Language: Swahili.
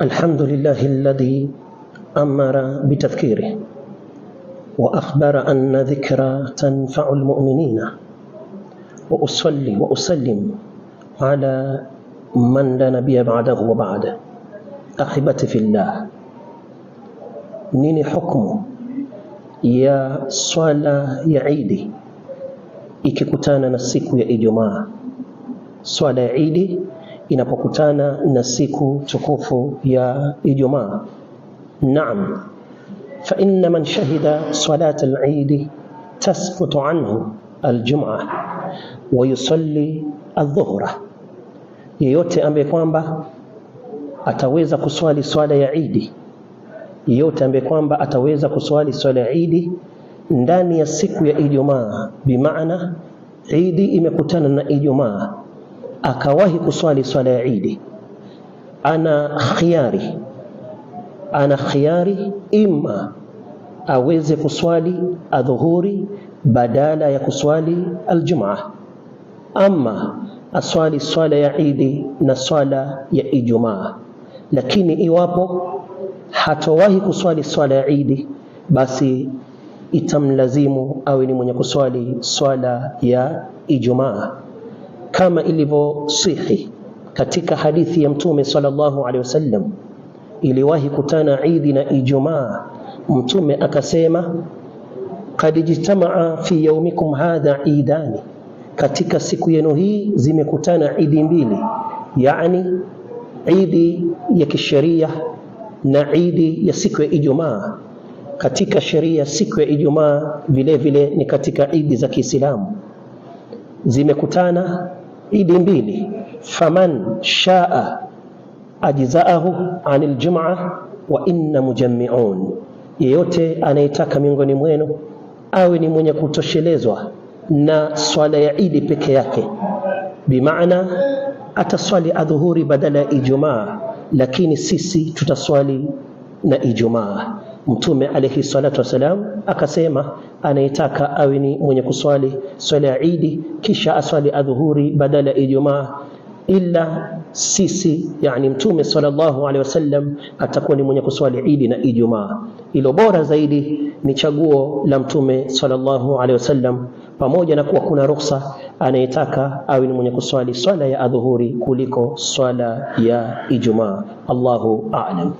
الحمد لله الذي أمر بتذكيره وأخبر أن ذكرى تنفع المؤمنين وأصلي وأسلم على من لا نبي بعده وبعده أحبتي في الله نيني حكم يا صلاة يا عيدي إكي كتانا نسيكو يا Ijumaa? Swala عيدي inapokutana na siku tukufu ya Ijumaa. Naam, fa inna man shahida salat al-eid tasqutu anhu al-jum'a wa yusalli adh-dhuhra, yeyote ambaye kwamba ataweza kuswali swala ya idi, yeyote ambaye kwamba ataweza kuswali swala ya idi ndani ya siku ya Ijumaa, bimaana idi imekutana na Ijumaa akawahi kuswali swala ya Idi, ana khiyari, ana khiyari, ima aweze kuswali adhuhuri badala ya kuswali aljumaa, ama aswali swala ya Idi na swala ya Ijumaa. Lakini iwapo hatawahi kuswali swala ya Idi, basi itamlazimu awe ni mwenye kuswali swala ya Ijumaa kama ilivyosihi katika hadithi ya Mtume sallallahu alaihi wasallam, iliwahi kutana Idi na Ijumaa, Mtume akasema qad jitamaa fi yaumikum hadha idani, katika siku yenu hii zimekutana idi mbili, yani idi ya kisheria na idi ya siku ya Ijumaa. Katika sheria siku ya Ijumaa vile vile ni katika idi za Kiislamu zimekutana idi mbili, faman shaa ajzaahu anil ljuma wa inna mujammiun, yeyote anayetaka miongoni mwenu awe ni mwenye kutoshelezwa na swala ya idi peke yake, bimaana ataswali adhuhuri badala ya Ijumaa, lakini sisi tutaswali na Ijumaa. Mtume alayhi salatu wasalam akasema, anayetaka awe ni mwenye kuswali swala ya Idi kisha aswali adhuhuri badala ya Ijumaa, ila sisi yani Mtume sallallahu alaihi wasallam atakuwa ni mwenye kuswali Idi na Ijumaa. Ilo bora zaidi ni chaguo la Mtume sallallahu alaihi wasallam, pamoja na kuwa kuna ruksa anayetaka awe ni mwenye kuswali swala ya adhuhuri kuliko swala ya Ijumaa. Allahu a'lam.